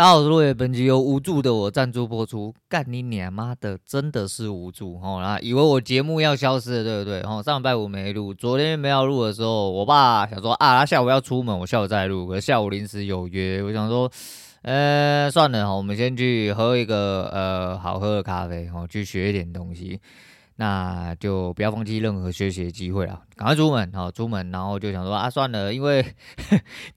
大家好，我是路野，本集由無助的我贊助播出。幹你娘媽的，真的是無助哦！然後、啊、以為我節目要消失了，對不對？哦，上禮拜五沒錄，昨天沒有錄的時候，我爸想說啊，他下午要出門，我下午再錄。可是下午臨時有約，我想說，呃，算了，我們先去喝一個呃好喝的咖啡，哦，去學一點東西。那就不要放棄任何學習的機會啊。趕快出門，好，出門，然後就想說啊，算了，因為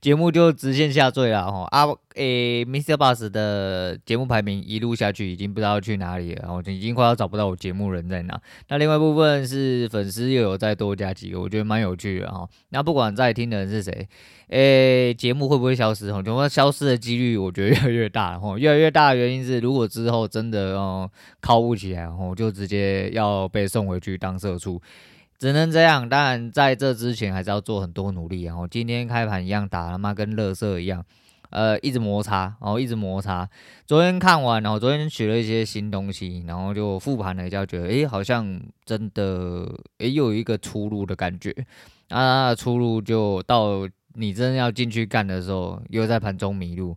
節目就直線下墜了，吼，啊，誒、欸，Mr. Bus 的節目排名一路下去，已經不知道去哪裡了，然後已經快要找不到我節目人在哪。那另外一部分是粉絲又有再多加幾個，我覺得蠻有趣的，哈。那不管在聽的人是誰，誒、欸，節目會不會消失？哈，我覺得消失的幾率我覺得越來越大哈，越來越大的原因是，如果之後真的哦靠不起來，哈，就直接要被送回去當社畜。只能這樣，當然在這之前還是要做很多努力啊。然後今天開盤一樣打，他媽跟樂色一樣，呃，一直摩擦，然後，喔，一直摩擦。昨天看完，然後，喔，昨天學了一些新東西，然後就復盤了一下，覺得欸，好像真的，欸，又有一個出路的感覺啊。他的出路就到你真的要進去幹的時候，又在盤中迷路。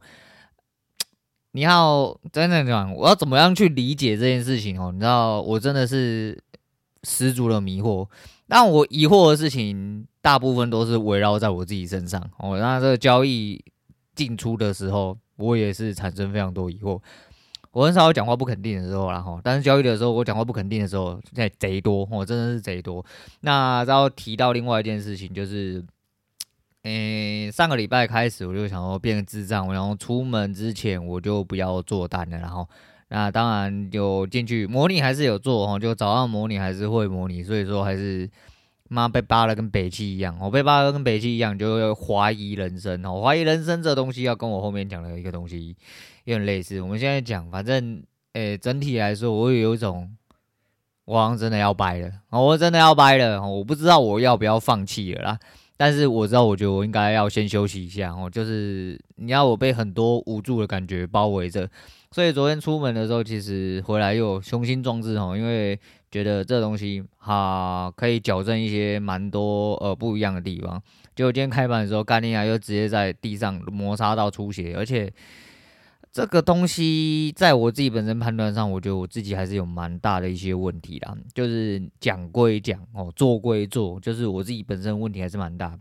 你要真的講，我要怎麼樣去理解這件事情喔？你知道，我真的是。十足的迷惑，那我疑惑的事情大部分都是圍繞在我自己身上哦。那這個交易進出的時候，我也是產生非常多疑惑。我很少講話不肯定的時候，然後，但是交易的時候，我講話不肯定的時候，現在賊多，我、哦、真的是賊多。那然後提到另外一件事情，就是，嗯，上個禮拜開始，我就想要變個智障，然後出門之前我就不要做單了，然後。那、啊、當然就進去模擬還是有做哈，就早上模擬還是會模擬，所以說還是媽被扒了跟北七一樣，我被扒了跟北七一樣，就懷疑人生哈，懷疑人生這東西要跟我後面講的一個東西有點類似。我們現在講，反正哎、欸，整體來說我有一種，我好像真的要掰了，我真的要掰了齁，我不知道我要不要放棄了啦。但是我知道，我覺得我應該要先休息一下哦。就是你要我被很多無助的感覺包圍着，所以昨天出門的時候，其實回來又雄心壯志哦，因為覺得這東西哈、啊、可以矯正一些蠻多呃不一樣的地方。就今天開盤的時候，幹你娘又直接在地上摩擦到出血，而且。這個東西在我自己本身判斷上，我覺得我自己還是有蠻大的一些問題啦。就是講歸講哦，做歸做，就是我自己本身問題還是蠻大。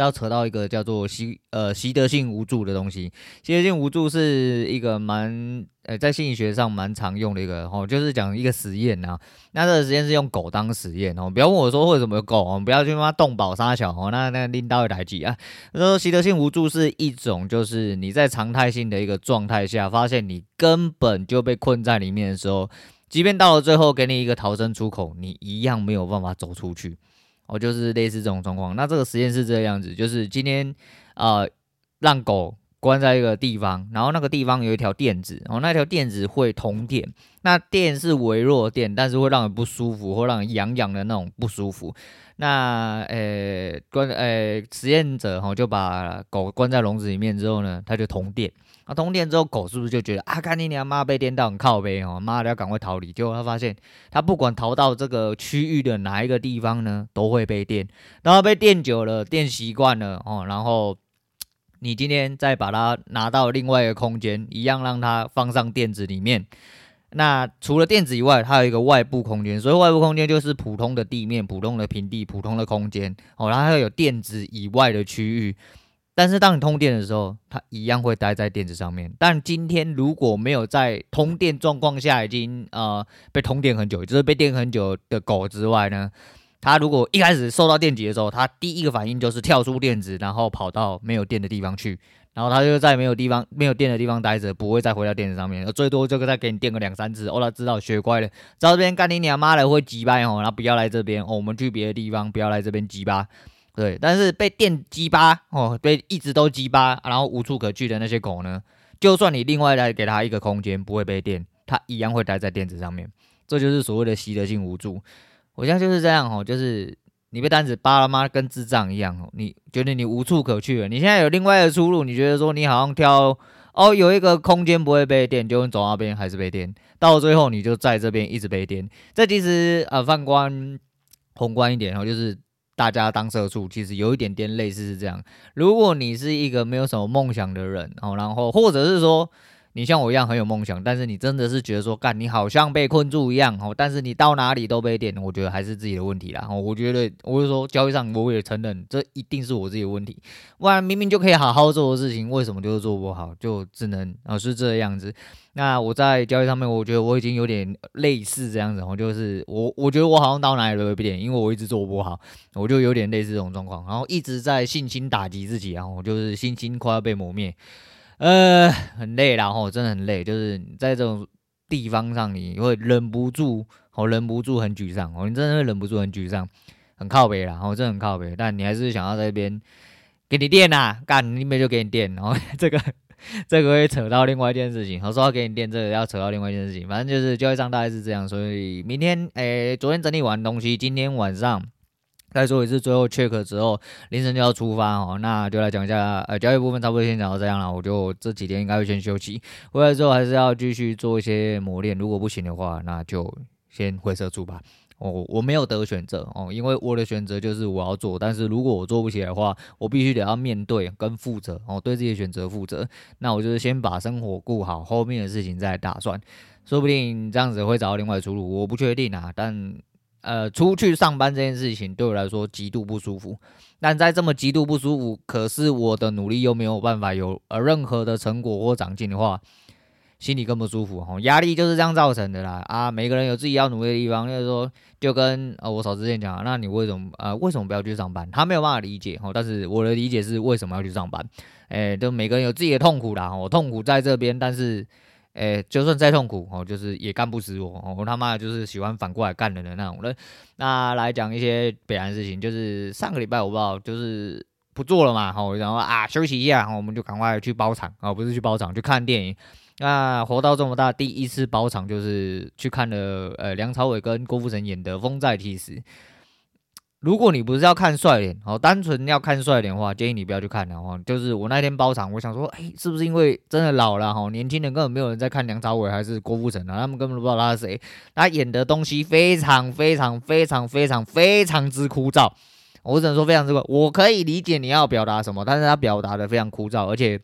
要扯到一個叫做習呃習得性無助的東西，習得性無助是一個蠻呃、欸、在心理學上蠻常用的一個，齁就是講一個實驗啊，那這個實驗是用狗當實驗哦，不要問我說為什麼有狗哦，我們不要去他媽動保殺小哦，那那拎刀一台機啊。他、就是、說，習得性無助是一種，就是你在常態性的一個狀態下，發現你根本就被困在裡面的時候，即便到了最後給你一個逃生出口，你一樣沒有辦法走出去。我就是類似這種狀況。那這個實驗是這樣子，就是今天，呃，讓狗關在一個地方，然後那個地方有一條墊子，然、哦、後那條墊子會通電，那電是微弱電，但是會讓人不舒服，或讓人癢癢的那種不舒服。那呃、欸，關呃、欸，實驗者哈、哦、就把狗關在籠子裡面之後呢，它就通電。啊，通電之後狗是不是就覺得啊，幹你娘媽被電到很靠背哦，媽的要趕快逃離。結果他發現，他不管逃到這個區域的哪一個地方呢，都會被電。然後被電久了，電習慣了哦，然後你今天再把它拿到另外一個空間，一樣讓它放上墊子裡面。那除了墊子以外，它有一個外部空間，所以外部空間就是普通的地面、普通的平地、普通的空間哦，然後還有墊子以外的區域。但是當你通電的時候，它一樣會待在墊子上面。但今天如果沒有在通電狀況下，已經呃被通電很久，就是被電很久的狗之外呢，它如果一開始受到電擊的時候，它第一個反應就是跳出墊子，然後跑到沒有電的地方去，然後它就在沒有地方、沒有電的地方待着，不會再回到墊子上面。而最多就是再給你電個兩三次，哦，它知道學乖了，在這邊幹你娘媽的會雞掰哦，那不要來這邊哦，我們去別的地方，不要來這邊雞巴。對，但是被電擊巴哦，被一直都擊巴、啊，然後無處可去的那些狗呢？就算你另外再給它一個空間，不會被電，它一樣會待在墊子上面。這就是所謂的習得性無助。我現在就是這樣哦，就是你被單子扒了嘛，跟智障一樣哦。你覺得你無處可去了，你現在有另外的出路，你覺得說你好像挑哦，有一個空間不會被電，就你走那邊還是被電，到最後你就在這邊一直被電。這其實呃，放寬宏觀一點哦，就是。大家當社畜，其實有一點點類似是這樣。如果你是一個沒有什麼夢想的人，哦，然後或者是說。你像我一樣很有夢想，但是你真的是覺得說幹，你好像被困住一樣哦。但是你到哪裡都被電，我覺得還是自己的問題啦。我覺得我就說交易上我也承認，這一定是我自己的問題。不然明明就可以好好做的事情，為什麼就是做不好？就只能啊、呃、是這樣子。那我在交易上面，我覺得我已經有點類似這樣子，我就是我，我覺得我好像到哪裡都被電，因為我一直做不好，我就有點類似這種狀況，然後一直在信心打擊自己，然後就是信心快要被磨滅。呃，很累啦，吼，真的很累，就是在這種地方上，你會忍不住，吼，忍不住很沮喪，吼，你真的會忍不住很沮喪，很靠北啦，吼，真的很靠北，但你還是想要在那邊給你電啦，幹那邊就給你電，然後這個，這個會扯到另外一件事情，好說要給你電，這個要扯到另外一件事情，反正就是交易上大概是這樣，所以明天，誒、欸，昨天整理完東西，今天晚上。再說一次，最後 check 之後，凌晨就要出發哦、喔。那就來講一下，呃、欸，交易部分差不多先講到這樣了。我就這幾天應該會先休息，回來之後還是要繼續做一些磨練。如果不行的話，那就先回社畜吧。我、喔、我沒有得選擇哦、喔，因為我的選擇就是我要做。但是如果我做不起來的話，我必須得要面對跟負責哦、喔，對自己的選擇負責。那我就是先把生活顧好，後面的事情再打算。說不定這樣子會找到另外的出路，我不確定啊，但。呃，出去上班這件事情對我來說極度不舒服，但在這麼極度不舒服，可是我的努力又沒有辦法有呃任何的成果或長進的話，心裡更不舒服哈。壓力就是這樣造成的啦。啊，每個人有自己要努力的地方，就是說，就跟呃、哦、我嫂子這樣講，那你為什麼呃為什麼不要去上班？她沒有辦法理解哈，但是我的理解是為什麼要去上班？哎、欸，就每個人有自己的痛苦啦，我痛苦在這邊，但是。哎、欸，就算再痛苦，哦，就是也幹不死我，哦，我他媽就是喜歡反過來幹人的那種人。那來講一些北岸事情，就是上個禮拜我不知道就是不做了嘛，哦，然後啊休息一下，哦，我們就趕快去包場啊，哦，不是去包場去看電影。那活到這麼大第一次包場，就是去看了呃梁朝偉跟郭富城演的《風再起時》。如果你不是要看帥臉，哦，單純要看帥臉的話，建議你不要去看了哈。就是我那天包場，我想說，誒、哎，是不是因為真的老了哈？年輕人根本沒有人在看梁朝偉還是郭富城啊？他們根本都不知道他是誰。他演的東西非常非常非常非常非常非常之枯燥。我只能說非常之枯燥。我可以理解你要表達什麼，但是他表達的非常枯燥，而且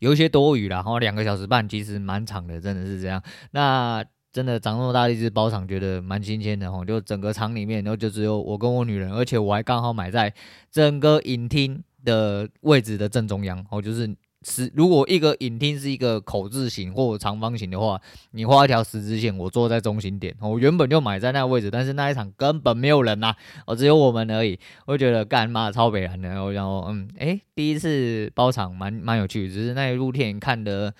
有一些多餘了。然後兩個小時半，其實蠻長的，真的是這樣。那。真的長這麼大一直包場，覺得蠻新鮮的吼。就整個場裡面，然後就只有我跟我女人，而且我還剛好買在整個影廳的位置的正中央。哦，就是是如果一個影廳是一個口字形或長方形的話，你畫一條十字線，我坐在中心點。我原本就買在那個位置，但是那一場根本沒有人吶，哦，只有我們而已。我覺得幹嘛超北爛的，然後嗯，誒，第一次包場蠻蠻有趣，只是那一露天看的。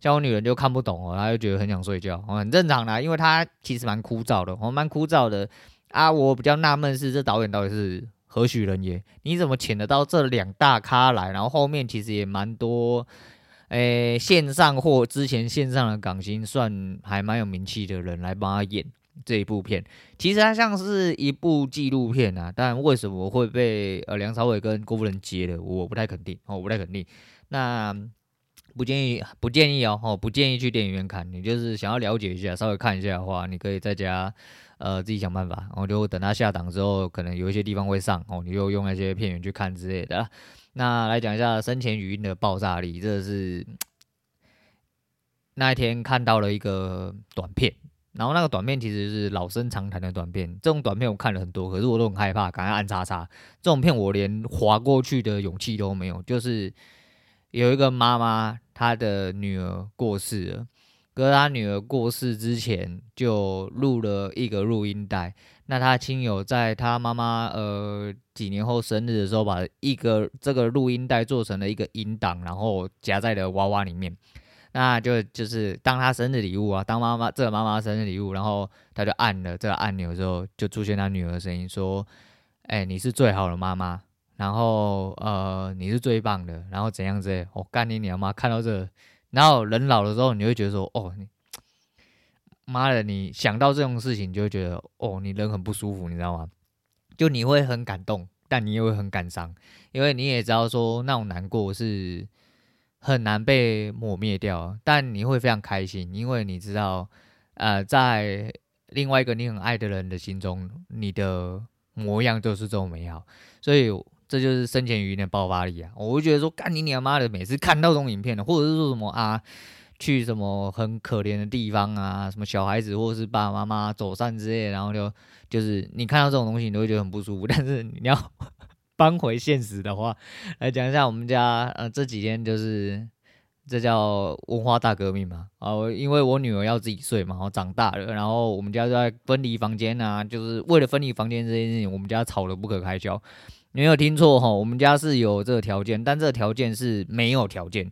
像我女人就看不懂哦，她就覺得很想睡覺，很正常啦，因為她其實蠻枯燥的，我蠻枯燥的啊。我比較納悶是這導演到底是何許人也？你怎麼請得到這兩大咖來？然後後面其實也蠻多，誒、欸，線上或之前線上的港星算還蠻有名氣的人來幫他演這一部片。其實它像是一部紀錄片啊，但為什麼會被呃梁朝偉跟郭富城接的？我不太肯定，我不太肯定。那。不建議，不建議哦，哦，不建議去電影院看。你就是想要了解一下，稍微看一下的話，你可以在家，呃，自己想辦法。然後，哦，就等它下檔之後，可能有一些地方會上，哦，你就用那些片源去看之類的。那來講一下生前語音的爆炸力，這是那一天看到了一個短片，然後那個短片其實是老生常談的短片。這種短片我看了很多，可是我都很害怕，趕快按叉叉。這種片我連滑過去的勇氣都沒有，就是。有一個媽媽，她的女兒過世了。可是她女兒過世之前，就錄了一個錄音帶。那她親友在她媽媽呃幾年後生日的時候，把一個這個錄音帶做成了一個音檔，然後夾在了娃娃裡面。那就就是當她生日禮物啊，當媽媽這個媽媽生日禮物。然後她就按了這個按鈕之後，就出現她女兒的聲音說：“哎，你是最好的媽媽。”然後呃，你是最棒的，然後怎樣子我、哦、幹你娘媽！看到這個，然後人老的時候，你會覺得說，哦，媽的，你想到這種事情，就會覺得，哦，你人很不舒服，你知道嗎？就你會很感動，但你也會很感傷，因為你也知道說那種難過是很難被抹滅掉，但你會非常開心，因為你知道，呃，在另外一個你很愛的人的心中，你的模樣就是這麼美好，所以。這就是生前語音的爆發力啊！我就覺得說，幹你娘媽的！每次看到這種影片的，或者是說什麼啊，去什麼很可憐的地方啊，什麼小孩子或者是爸爸媽媽走散之類的，然後就就是你看到這種東西，你都會覺得很不舒服。但是你要 搬回現實的話，來講一下我們家，呃，這幾天就是這叫文化大革命嘛啊、呃，因為我女兒要自己睡嘛，然後長大了，然後我們家就在分離房間啊，就是為了分離房間這件事情，我們家吵得不可開交。沒有聽錯哈、哦，我們家是有這個條件，但這個條件是沒有條件，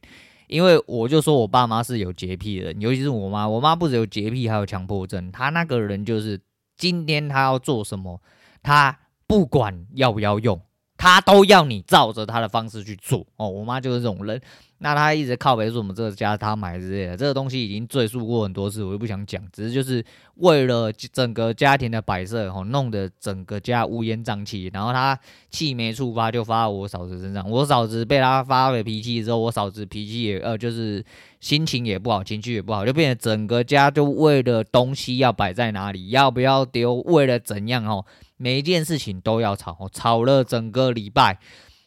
因為我就說我爸媽是有潔癖的，尤其是我媽，我媽不止有潔癖，還有強迫症。她那個人就是，今天她要做什麼，她不管要不要用，她都要你照着她的方式去做。哦，我媽就是這種人。那他一直靠北說，我們這個家他買之類的，這個東西已經贅述過很多次，我就不想講，只是就是為了整個家庭的擺設，弄得整個家烏煙瘴氣。然後他氣沒處發，就發到我嫂子身上。我嫂子被他發了脾氣之後，我嫂子脾氣也呃，就是心情也不好，情緒也不好，就變成整個家就為了東西要擺在哪裡，要不要丟，為了怎樣，哦，每一件事情都要吵，吵了整個禮拜。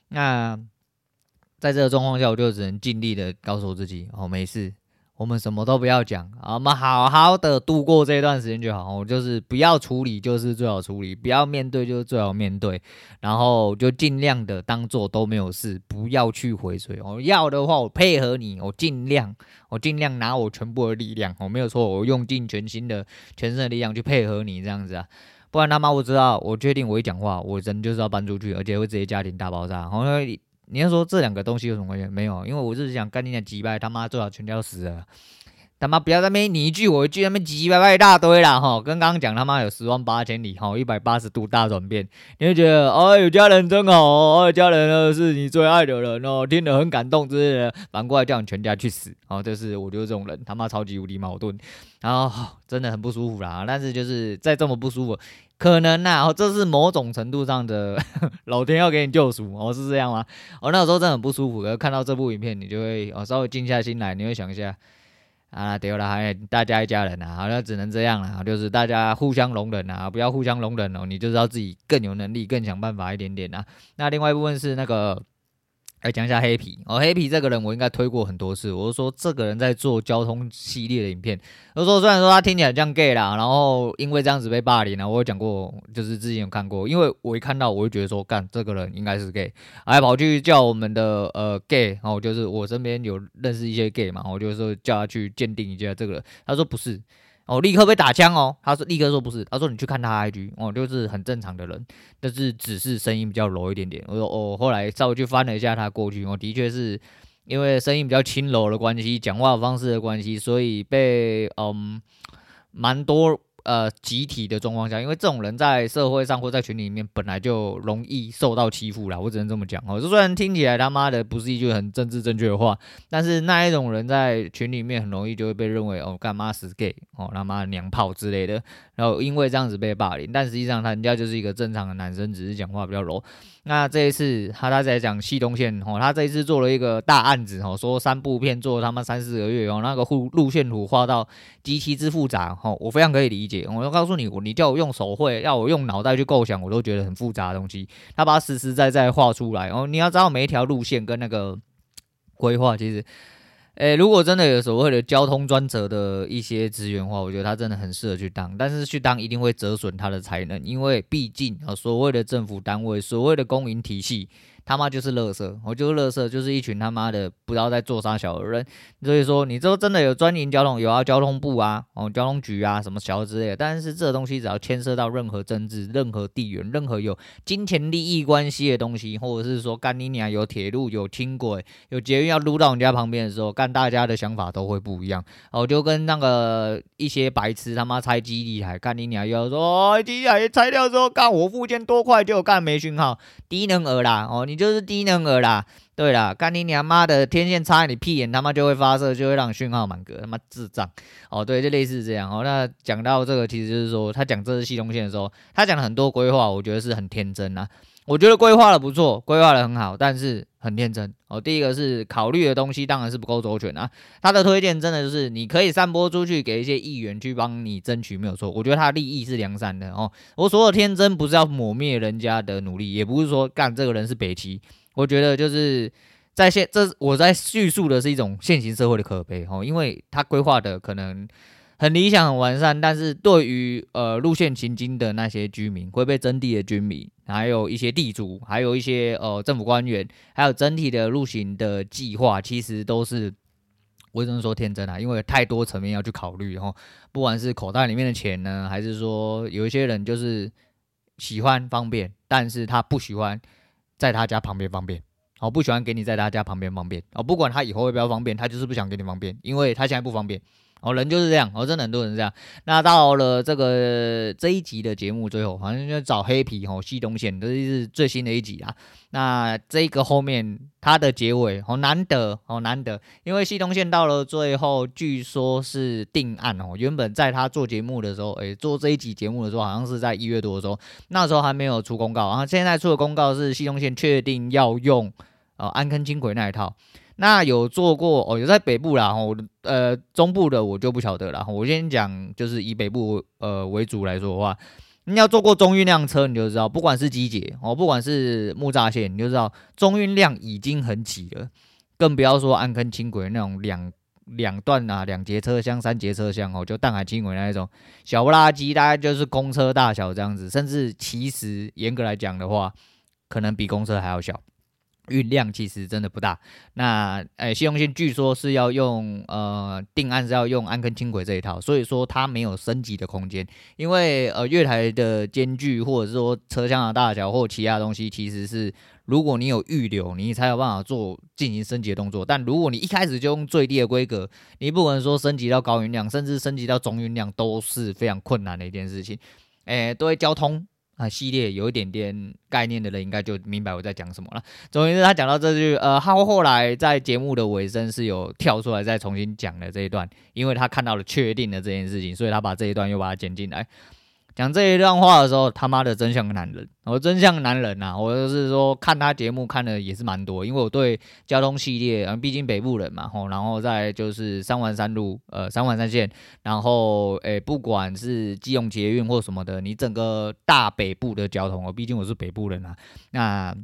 那、呃。在這個狀況下，我就只能盡力的告訴我自己：哦，沒事，我們什麼都不要講，我們好好的度過這段時間就好。我就是不要處理，就是最好處理；不要面對，就是最好面對。然後就盡量的當做都沒有事，不要去回嘴。我要的話，我配合你，我盡量，我盡量拿我全部的力量。我沒有錯，我用盡全心的、全身的力量去配合你這樣子啊！不然他媽我知道，我確定我一講話，我人就是要搬出去，而且會直接家庭大爆炸。好，你要說這兩個東西有什麼關係？沒有，因為我是想跟你講，幾百他媽最好全家死啊！他媽不要在那邊你一句我一句，那邊嘰嘰歪歪一大堆了哈。跟剛剛講他媽有十萬八千里哈，一百八十度大轉變，你會覺得哎有家人真好，哎家人呢是你最愛的人哦，聽得很感動之類的。反過來叫你全家去死啊，就是我覺得這種人他媽超級無敵矛盾，然後真的很不舒服啦。但是就是再這麼不舒服。可能吶，哦，這是某種程度上的呵呵老天要給你救贖，哦，是這樣嗎？哦，那時候真的很不舒服，看到這部影片，你就會哦稍微靜下心來，你會想一下，啊，對了，還、欸、大家一家人吶、啊，好像只能這樣了、啊，就是大家互相容忍啊，不要互相容忍哦，你就是要自己更有能力，更想辦法一點點吶、啊。那另外一部分是那個。來講、欸、一下黑皮哦，黑皮這個人我應該推過很多次。我是說這個人在做交通系列的影片，我說雖然說他聽起來很像 gay 啦，然後因為這樣子被霸凌、啊，然我有講過，就是之前有看過，因為我一看到我就覺得說，幹這個人應該是 gay，還、啊、跑去叫我們的呃 gay，然、哦、後就是我身邊有認識一些 gay 嘛，我就說叫他去鑑定一下這個人，他說不是。哦，立刻被打槍哦！他說立刻說不是，他說你去看他 IG 哦，就是很正常的人，但是只是聲音比較柔一點點。我說哦，後來稍微去翻了一下他過去，我，哦，的確是因為聲音比較輕柔的關係，講話方式的關係，所以被嗯蠻多呃，集體的狀況下，因為這種人在社會上或在群裡面本來就容易受到欺負啦。我只能這麼講哦。這雖然聽起來他媽的不是一句很政治正確的話，但是那一種人在群裡面很容易就會被認為哦，幹嘛死 gay 哦，他媽娘炮之類的，然後因為這樣子被霸凌，但實際上他人家就是一個正常的男生，只是講話比較柔。那這一次他他在講汐東線哦，他這一次做了一個大案子哦，說三部片做他媽三四個月哦,那個路路線圖畫到極其之複雜哦，我非常可以理解。我要告訴你，我你叫我用手繪，要我用腦袋去構想，我都覺得很複雜的東西。他把它實實在在畫出來哦，你要知道每一條路線跟那個規劃其實。哎、欸，如果真的有所謂的交通專責的一些資源的話，我覺得他真的很適合去當，但是去當一定會折損他的才能，因為畢竟啊，所謂的政府單位，所謂的公營體系。他媽就是垃圾，我就是垃圾，就是一群他媽的不知道在做啥小人。所以說，你這真的有專營交通，有啊，交通部啊，哦，交通局啊，什麼小之類的。但是這東西只要牽涉到任何政治、任何地緣、任何有金錢利益關係的東西，或者是說幹你娘有鐵路、有輕軌、有捷運要擼到人家旁邊的時候，幹大家的想法都會不一樣。哦，就跟那個一些白痴他媽拆基地台還幹你娘又要說，哦、哎，基地台拆掉之後，幹我附近多快就幹沒信號，低能兒啦！哦，你。就是低能兒啦，對啦，幹你娘媽的天線插你屁眼他媽就會發射，就會讓你訊號滿格，他媽智障。哦，對，就類似這樣。哦，那講到這個，其實就是說他講這次汐東線的時候，他講了很多規劃，我覺得是很天真啊。我覺得規劃的不錯，規劃的很好，但是。很天真哦，第一個是考慮的東西當然是不夠周全啊。他的推薦真的就是你可以散播出去給一些議員去幫你爭取，沒有錯。我覺得他的立意是良善的哦。我所有天真不是要抹滅人家的努力，也不是說幹這個人是北七。我覺得就是在現這我在敘述的是一種現行社會的可悲哦，因為他規劃的可能。很理想、很完善，但是對於呃路線行經的那些居民，會被徵地的居民，還有一些地主，還有一些呃政府官員，還有整體的路行的計劃，其實都是為什麼說天真啊？因為太多層面要去考慮哦。不管是口袋裡面的錢呢，還是說有一些人就是喜歡方便，但是他不喜歡在他家旁邊方便，哦，不喜歡給你在他家旁邊方便哦。不管他以後要不要方便，他就是不想給你方便，因為他現在不方便。哦，人就是這樣，哦，真的很多人這樣。那到了這個這一集的節目最後，好像就找黑皮哦，汐東線這是最新的一集啊。那這個後面它的結尾哦，難得哦，難得，因為汐東線到了最後，據說是定案哦。原本在他做節目的時候，誒、欸，做這一集節目的時候，好像是在一月多的時候，那時候還沒有出公告，然後現在出的公告是汐東線確定要用哦，安坑輕軌那一套。那有坐過哦，有在北部啦，哦，呃，中部的我就不曉得了。我先講，就是以北部呃為主來說的話，你要坐過中運量車，你就知道，不管是機捷哦，不管是木柵線，你就知道中運量已經很擠了，更不要說安坑輕軌那種兩兩段啊，兩節車廂、三節車廂哦，就淡海輕軌那一種小不拉幾，大概就是公車大小這樣子，甚至其實嚴格來講的話，可能比公車還要小。運量其實真的不大。那呃、欸，信用信據說是要用呃，定案是要用安坑輕軌這一套，所以說它沒有升級的空間。因為呃，月台的間距或者是說車廂的大小或其他東西，其實是如果你有預留，你才有辦法做進行升級的動作。但如果你一開始就用最低的規格，你不可能說升級到高運量，甚至升級到中運量都是非常困難的一件事情。誒、欸，對交通。啊，系列有一點點概念的人應該就明白我在講什麼了。總之，他講到這句，呃，他後來在節目的尾聲是有跳出來再重新講的這一段，因為他看到了確定的這件事情，所以他把這一段又把它剪進來。講這一段話的時候，他媽的真像個男人，我真像個男人啊，我就是說，看他節目看的也是蠻多，因為我對交通系列，然、呃、畢竟北部人嘛，然後，然後再就是三環三路，呃，三環三線，然後，哎，不管是基隆捷運或什麼的，你整個大北部的交通哦，畢竟我是北部人啊，那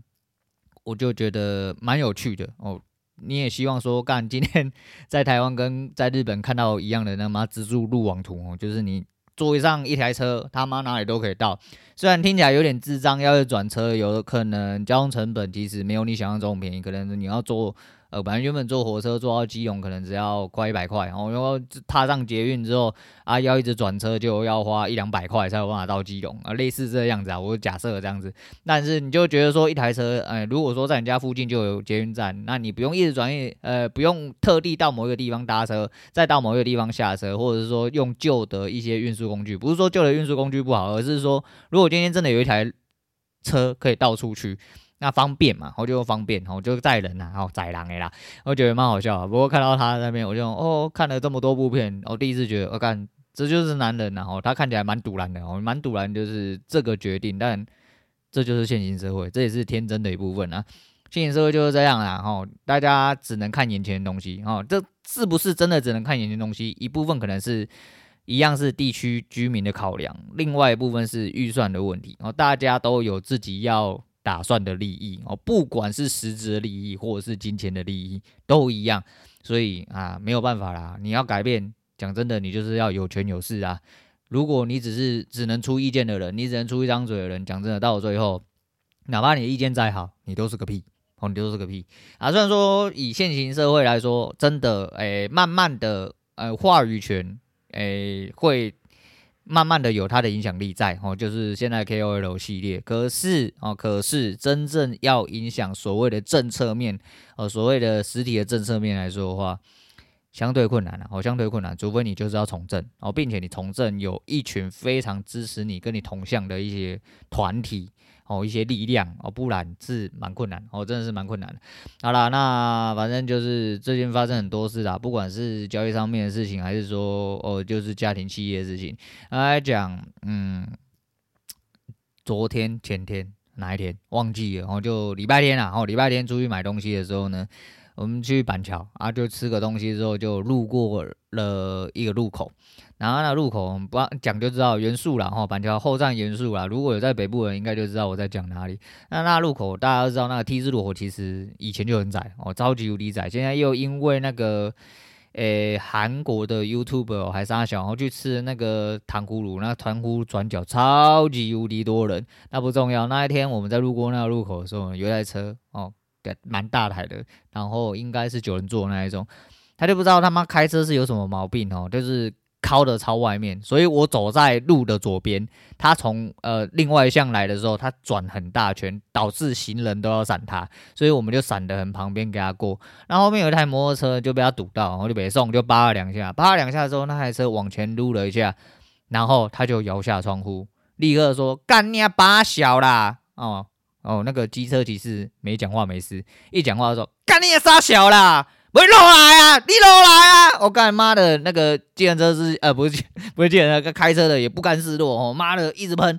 我就覺得蠻有趣的哦。你也希望說，幹今天在台灣跟在日本看到一樣的那媽蜘蛛路網圖哦，就是你。坐上一台車，他媽哪裡都可以到。雖然聽起來有點智障，要是轉車，有可能交通成本其實沒有你想象中便宜，可能你要坐。呃，反正原本坐火車坐到基隆可能只要快一百塊，然後踏上捷運之後啊，要一直轉車就要花一兩百塊才有辦法到基隆啊，類似這樣子啊，我假設這樣子。但是你就覺得說一台車，呃，如果說在你家附近就有捷運站，那你不用一直轉運，呃，不用特地到某一個地方搭車，再到某一個地方下車，或者是說用舊的一些運輸工具，不是說舊的運輸工具不好，而是說如果今天真的有一台車可以到處去。那方便嘛，我就方便，我就宰人吶、啊，然後宰人的啦，我覺得蠻好笑、啊、不過看到他在那邊，我就哦，看了這麼多部片，我、哦、第一次覺得，我、哦、看這就是男人、啊，然、哦、後他看起來蠻突然的，哦，蠻突然就是這個決定，但這就是現行社會，這也是天真的一部分啊。現行社會就是這樣啊，哦，大家只能看眼前的東西，哦，這是不是真的只能看眼前的東西？一部分可能是一樣是地區居民的考量，另外一部分是預算的問題，哦，大家都有自己要。打算的利益哦，不管是實質的利益或者是金錢的利益，都一樣。所以啊，沒有辦法啦，你要改變。講真的，你就是要有權有勢啊。如果你只是只能出意見的人，你只能出一張嘴的人，講真的，到最後，哪怕你的意見再好，你都是個屁哦，你都是個屁啊。雖然說以現行社會來說，真的，欸，慢慢的，欸，話語權，欸，會。慢慢的有它的影響力在哦，就是現在 KOL 系列，可是哦，可是真正要影響所謂的政策面呃、哦，所謂的實體的政策面來說的話，相對困難了、啊、哦，相對困難，除非你就是要從政哦，並且你從政有一群非常支持你跟你同向的一些團體。哦，一些力量哦，不然是蠻困難哦，真的是蠻困難。好了，那反正就是最近發生很多事啦，不管是交易上面的事情，還是說哦，就是家庭企業的事情。剛才講，嗯，昨天、前天哪一天忘記了，然後，哦，就禮拜天啦，然後禮拜天出去買東西的時候呢。我們去板橋，啊，就吃個東西之後，就路過了一個路口。然後那路口，我們不講就知道元素啦，齁，板橋後站元素啦，如果有在北部人，應該就知道我在講哪裡。那那路口，大家都知道那個 T 字路口，其實以前就很窄，哦，超級無敵窄。現在又因為那個，誒，韓國的 YouTuber、喔、還是阿小然後去吃那個糖葫蘆，那團葫蘆轉角超級無敵多人。那不重要，那一天我們在路過那個路口的時候，有一台車，哦。蠻大台的，然後應該是九人座那一種，他就不知道他媽開車是有什麼毛病哦，就是靠的超外面，所以我走在路的左邊，他從呃另外一向來的時候，他轉很大圈，導致行人都要閃他，所以我們就閃的很旁邊給他過，然後後面有一台摩托車就被他堵到，然後就被送就叭了兩下，叭了兩下之後那台車往前擼了一下，然後他就搖下窗戶，立刻說幹你爸小啦哦。嗯哦，那個機車騎士沒講話沒事，一講話時說：“幹你也殺小啦，不了，你落來啊，你落來啊！”我幹媽的那個計程車是呃，不是不是計程車，開車的也不甘示弱，哦，媽的一直噴，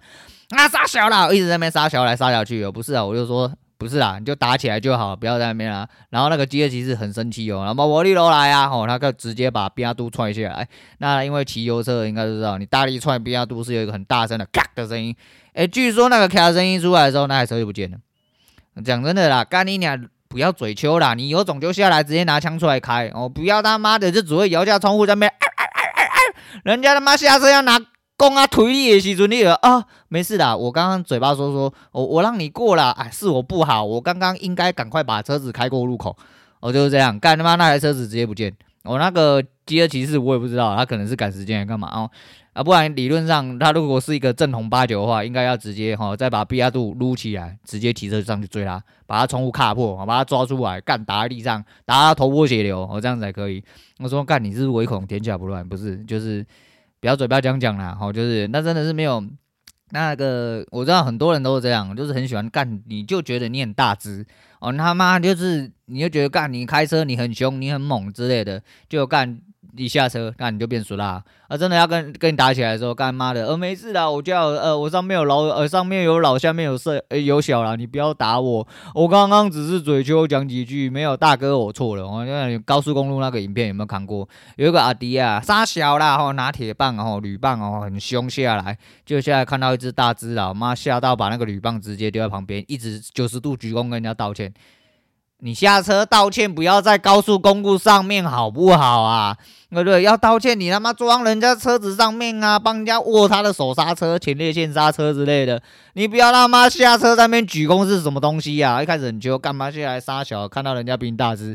啊殺小啦，一直在那邊撒小來撒小去，不是啊，我就說。不是啦，你就打起來就好，不要在那邊啦。然後那個機械騎士很生氣哦、喔，那麼我綠樓來啊，哦，他就直接把比亞迪踹下來。那因為騎油車車應該都知道，你大力踹比亞迪是有一個很大聲的咔的聲音。誒、欸，據說那個咔聲音出來的時候，那台車就不見了。講真的啦，幹你娘不要嘴秋啦，你有種就下來直接拿槍出來開，哦、喔，不要他媽的就只會搖下窗戶在那邊啊啊啊啊啊，人家他媽下車要拿。講啊，退役的時陣你啊？沒事啦，我剛剛嘴巴說說、哦，我我讓你過啦，哎，是我不好，我剛剛應該趕快把車子開過路口、哦，我就是這樣，幹他媽那台車子直接不見、哦，我那個飢餓騎士我也不知道，他可能是趕時間來幹嘛哦，啊，不然理論上他如果是一個正紅八九的話，應該要直接哈、哦、再把 B R 度擼起來，直接騎車上去追他，把他窗戶卡破，把他抓出來，幹打在地上，打他頭破血流、哦，我這樣子才可以。我說幹，你是唯恐天下不亂，不是就是。不要嘴不要講講啦，好，就是那真的是沒有那個，我知道很多人都是這樣，就是很喜歡幹，你就覺得你很大只哦，他媽就是你就覺得幹，你開車你很凶，你很猛之類的，就幹。一下車，那你就變慫啦！啊，真的要跟跟你打起來的時候，幹媽的，呃，沒事的，我就要呃，我上面有老，呃，上面有老，下面有小，呃、欸，有小啦，你不要打我，我剛剛只是嘴就講幾句，沒有大哥，我錯了。我、啊、哦，那高速公路那個影片有沒有看過？有一個阿弟啊，殺小啦，吼，拿鐵棒，吼，鋁棒，哦，很凶下來，就現在看到一隻大隻的，我媽嚇到，把那個鋁棒直接丟在旁邊，一直九十度鞠躬跟人家道歉。你下車道歉，不要在高速公路上面好不好啊？對不對？要道歉，你他媽裝人家車子上面啊，幫人家握他的手剎車、前列腺剎車之類的。你不要他媽下車在那邊鞠躬是什麼東西啊？一開始你覺得幹嘛下來殺小？看到人家比你大只，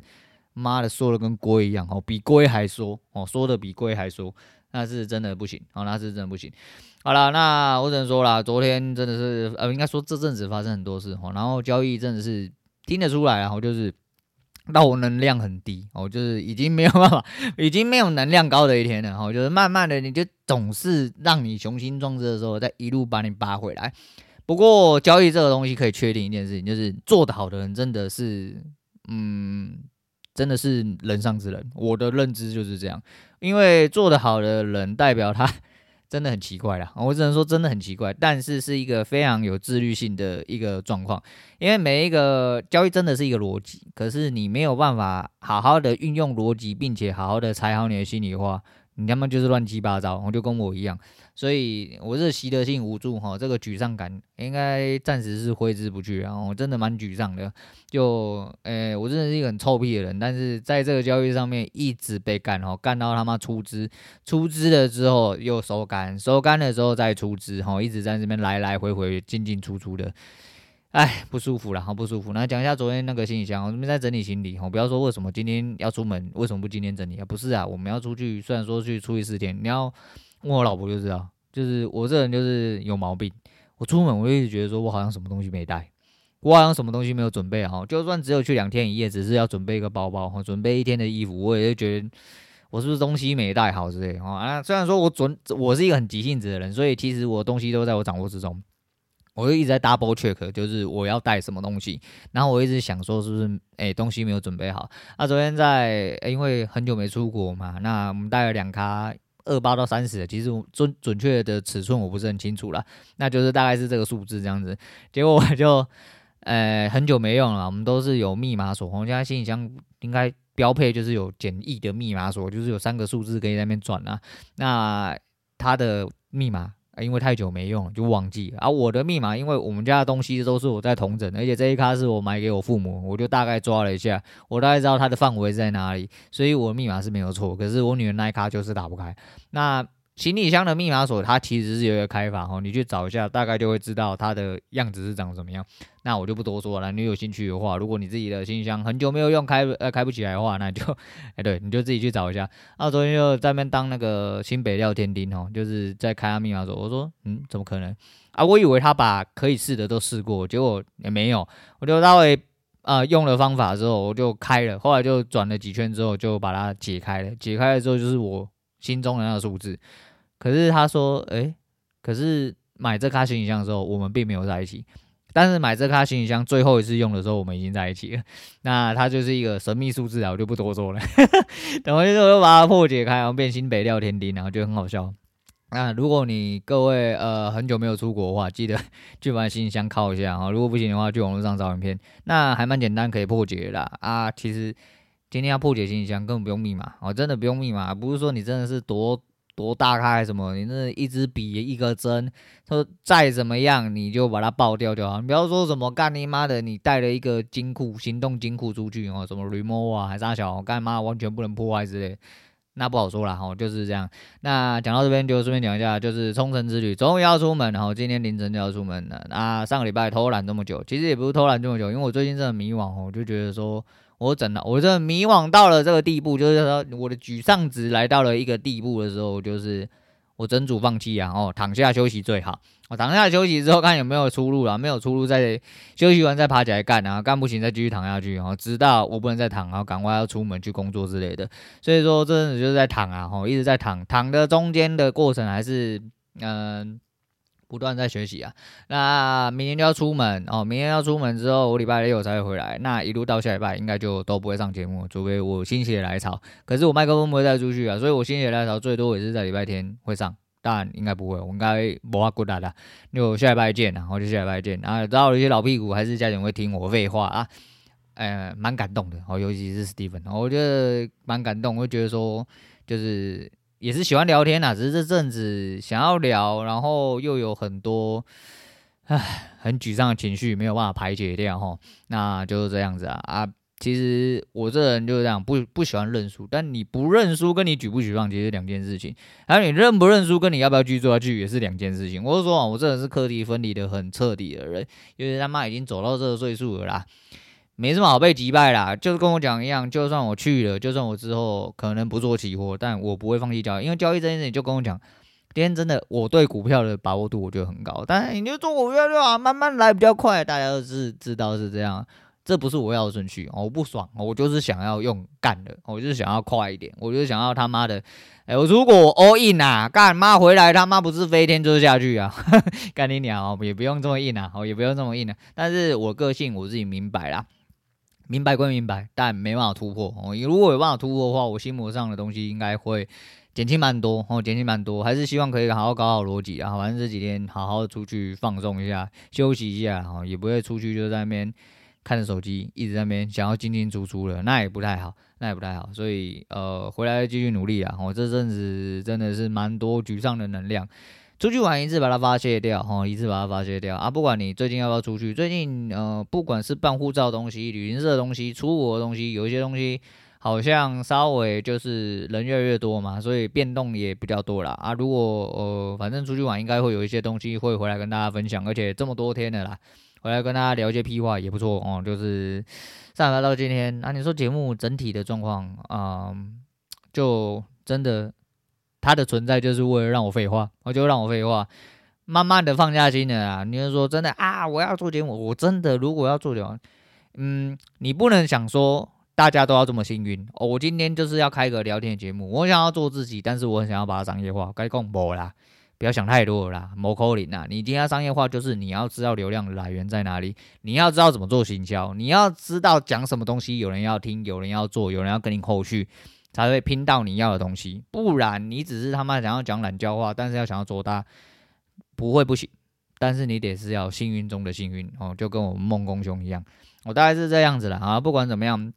媽的說的跟龜一樣哦，比龜還說哦，說的比龜還說，那是真的不行哦，那是真的不行。好啦，那我只能說啦，昨天真的是呃，應該說這陣子發生很多事哦，然後交易真的是。聽得出來，然後就是，讓我能量很低哦，就是已經沒有辦法，已經沒有能量高的一天了。然後就是慢慢的，你就總是讓你雄心壯志的時候，再一路把你扒回來。不過交易這個東西可以確定一件事情，就是做得好的人真的是，嗯，真的是人上之人。我的認知就是這樣，因為做得好的人代表他。真的很奇怪啦，我只能說真的很奇怪，但是是一個非常有自律性的一個狀況，因為每一個交易真的是一個邏輯，可是你沒有辦法好好的運用邏輯，並且好好的踩好你的心裡話。你他媽就是亂七八糟，我就跟我一樣，所以我是習得性無助哈，這個沮喪感應該暫時是揮之不去，然後我真的蠻沮喪的，就誒、欸，我真的是一個很臭屁的人，但是在這個交易上面一直被幹哦，幹到他媽出資，出資了之後又收干，收干的時候再出資，哈，一直在這邊來來回回進進出出的。哎，不舒服了，好不舒服。那講一下昨天那個行李箱，我們在整理行李哈。不要說為什麼今天要出門，為什麼不今天整理啊？不是啊，我們要出去，雖然說去出去四天，你要問我老婆就知道。就是我這人就是有毛病，我出門我就一直覺得說我好像什麼東西沒帶，我好像什麼東西沒有準備哈。就算只有去兩天一夜，只是要準備一個包包哈，準備一天的衣服，我也會覺得我是不是東西沒帶好之類哈。啊，雖然說我準我是一個很急性子的人，所以其實我東西都在我掌握之中。我就一直在 double check，就是我要帶什麼東西，然後我一直想說是不是哎、欸、東西沒有準備好。那、啊、昨天在、欸、因為很久沒出國嘛，那我們帶了兩卡二八到三十的，其實準準確的尺寸我不是很清楚啦。那就是大概是這個數字這樣子。結果我就呃、欸、很久沒用了，我們都是有密碼鎖，我們家行李箱應該標配就是有簡易的密碼鎖，就是有三個數字可以在那邊轉啊。那它的密碼。因為太久沒用了，就忘記啊，我的密碼，因為我們家的東西都是我在統整，而且這一卡是我買給我父母，我就大概抓了一下，我大概知道它的範圍在哪裡，所以我的密碼是沒有錯。可是我女兒那一卡就是打不開，那。行李箱的密碼鎖，它其實是有一個開法哦，你去找一下，大概就會知道它的樣子是長什麼樣。那我就不多說了，你有興趣的話，如果你自己的行李箱很久沒有用開，開呃開不起來的話，那就哎、欸、對，你就自己去找一下。那、啊、昨天就在那邊當那個新北料天丁哦，就是在開他密碼鎖。我說嗯，怎麼可能啊？我以為他把可以試的都試過，結果也沒有。我就稍微啊、呃，用了方法之後，我就開了，後來就轉了幾圈之後，就把它解開了。解開了之後，就是我心中的那個數字。可是他說，哎、欸，可是買這卡行李箱的時候，我們並沒有在一起。但是買這卡行李箱最後一次用的時候，我們已經在一起了。那它就是一個神秘數字啊，我就不多說了。呵呵等回去之後就把它破解開，然後變新北料天丁，然後就很好笑。那、啊、如果你各位呃很久沒有出國的話，記得就把行李箱靠一下啊、哦。如果不行的話，去網絡上找影片，那還蠻簡單，可以破解的啦啊。其實今天要破解行李箱根本不用密碼，我、哦、真的不用密碼，不是說你真的是多。多大開什麼？你那一支筆一個針，他說再怎麼樣你就把它爆掉掉就好，你不要說什麼幹你媽的，你帶了一個金庫行動金庫出去哦，什麼 remote 啊還是啥小，幹媽完全不能破壞之類，那不好說了哈，就是這樣。那講到這邊就順便講一下，就是沖繩之旅，終於要出門，然後今天凌晨就要出門了。那、啊、上個禮拜偷懶這麼久，其實也不是偷懶這麼久，因為我最近真的迷惘。我，就覺得說。我真的，我這迷惘到了這個地步，就是說我的沮喪值來到了一個地步的時候，就是我整組放棄啊，哦，躺下休息最好。我躺下休息之後，看有沒有出路了，沒有出路再休息完再爬起來幹，然後幹不行再繼續躺下去，哦，直到我不能再躺，然後趕快要出門去工作之類的。所以說這陣子就是在躺啊，哦，一直在躺，躺的中間的過程還是嗯。呃不斷在學習啊，那明天就要出門哦。明天要出門之後，我禮拜六才會回來。那一路到下禮拜，應該就都不會上節目，除非我心血來潮。可是我麥克風不會再出去啊，所以我心血來潮最多也是在禮拜天會上，但應該不會。我應該不拉不拉的，那我下禮拜見啊，我就下禮拜見。啊。然後有些老屁股還是家人會聽我廢話啊，哎、呃，蠻感動的哦，尤其是 Stephen，我覺得蠻感動，我覺得說就是。也是喜歡聊天吶、啊，只是這陣子想要聊，然後又有很多唉，很沮喪的情緒沒有辦法排解掉哈，那就是這樣子啊啊，其實我這人就是這樣，不不喜歡認輸，但你不認輸跟你沮不沮喪其實兩件事情，然、啊、有你認不認輸跟你要不要繼續做下去也是兩件事情，我是說啊，我這人是課題分離的很徹底的人，因為他媽已經走到這個歲數了啦。沒什麼好被擊敗啦，就是跟我講一樣，就算我去了，就算我之後可能不做期貨，但我不會放棄交易，因為交易這件事，你就跟我講，今天真的我對股票的把握度我覺得很高，但是你就做股票就啊，慢慢來比較快，大家都是知道是這樣，這不是我要的順序，我不爽，我就是想要用幹的，我就是想要快一點，我就是想要他媽的，哎、欸，我如果我 all in 啊，幹你媽回來他媽不是飛天就是下去啊，幹你娘也不用這麼硬啊，哦，也不用這麼硬啊，啊，但是我個性我自己明白啦。明白歸明白，但沒辦法突破哦。如果有辦法突破的話，我心魔上的東西應該會減輕蠻多哦，減輕蠻多。還是希望可以好好搞好邏輯，啊。反正這幾天好好出去放鬆一下，休息一下哦，也不會出去就在那邊看着手機，一直在那邊想要進進出出的，那也不太好，那也不太好。所以呃，回來繼續努力啊！我、哦、這陣子真的是蠻多沮喪的能量。出去玩一次，把它發洩掉，哈、嗯，一次把它發洩掉啊！不管你最近要不要出去，最近呃，不管是辦護照的東西、旅行社的東西、出國的東西，有一些東西好像稍微就是人越來越多嘛，所以變動也比較多了啊。如果呃，反正出去玩應該會有一些東西會回來跟大家分享，而且這麼多天了啦，回來跟大家聊一些屁話也不錯哦、嗯。就是上來到今天，啊，你說節目整體的狀況啊，就真的。它的存在就是為了讓我廢話，我就讓我廢話，慢慢的放下心了啊！你就說真的啊？我要做節目，我真的如果要做的話，嗯，你不能想說大家都要這麼幸運哦，我今天就是要開個聊天節目，我想要做自己，但是我很想要把它商業化，該說無啦，不要想太多啦。無可能啦。你今天要商業化就是你要知道流量來源在哪裡，你要知道怎麼做行銷，你要知道講什麼東西有人要聽，有人要做，有人要跟你後續。才會拼到你要的東西，不然你只是他媽想要講懶叫話，但是要想要做大不會不行，但是你得是要幸運中的幸運哦，就跟我們孟公兄一樣，我、哦、大概是這樣子啦，啊。不管怎麼樣，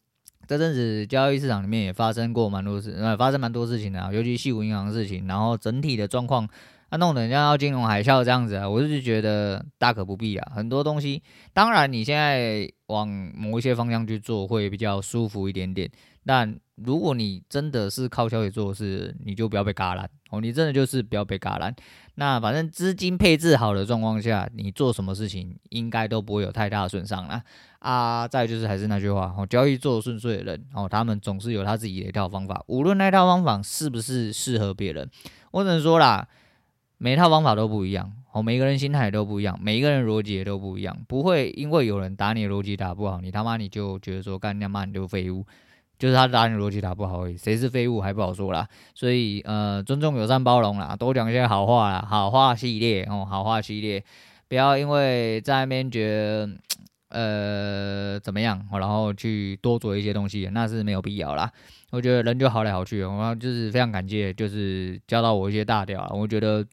這陣子交易市場裡面也發生過蠻多事，呃，發生蠻多事情的啊，尤其矽谷銀行的事情，然後整體的狀況啊，弄得人家要金融海嘯這樣子啊，我就是覺得大可不必啊，很多東西，當然你現在往某一些方向去做會比較舒服一點點。但如果你真的是靠交易做事，你就不要被嘎啦。哦。你真的就是不要被嘎啦。那反正資金配置好的狀況下，你做什麼事情應該都不會有太大的損傷啦。啊，再就是還是那句話哦，交易做順遂的人哦，他們總是有他自己的一套方法。無論那套方法是不是適合別人，我只能說啦，每一套方法都不一樣哦，每個人心態都不一樣，每一個人邏輯也，也都不一樣。不會因為有人打你邏輯打不好，你他媽你就覺得說幹他媽你就廢物。就是他打你邏輯打不好而已，誰是廢物還不好說啦。所以呃，尊重、友善、包容啦，多講一些好話啦，好話系列哦、嗯，好話系列，不要因為在那邊覺得呃怎麼樣，然後去多做一些東西，那是沒有必要啦。我覺得人就好來好去，我就是非常感謝，就是教到我一些大調啦。我覺得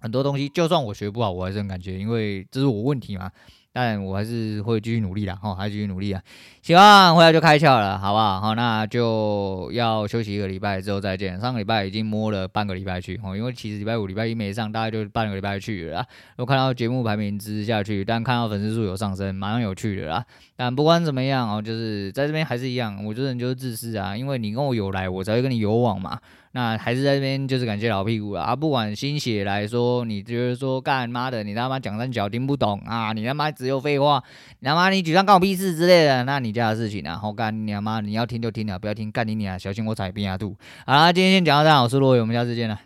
很多東西就算我學不好，我還是很感謝，因為這是我問題嘛。但我還是會繼續努力啦，吼，還繼續努力啊！希望回來就開竅了，好不好？吼，那就要休息一個禮拜之後再見。上個禮拜已經摸了半個禮拜去，哦，因為其實禮拜五、禮拜一沒上，大概就半個禮拜去了啦。我看到節目排名支持下去，但看到粉絲數有上升，蠻有趣的啦。但不管怎麼樣哦，就是在這邊還是一樣，我覺得人就是自私啊，因為你跟我有來，我才會跟你有往嘛。那還是在這邊，就是感謝老屁股了啊！不管心血來說，你就是說幹媽的，你他媽講三小聽不懂啊？你他媽只有廢話，你他媽你嘴上干我屁事之類的，那你家的事情啊，好、哦、幹你他媽！你要聽就聽了，不要聽幹你你啊，小心我踩扁啊肚！好了，今天先講到這，我是洛偉，我們下次見了。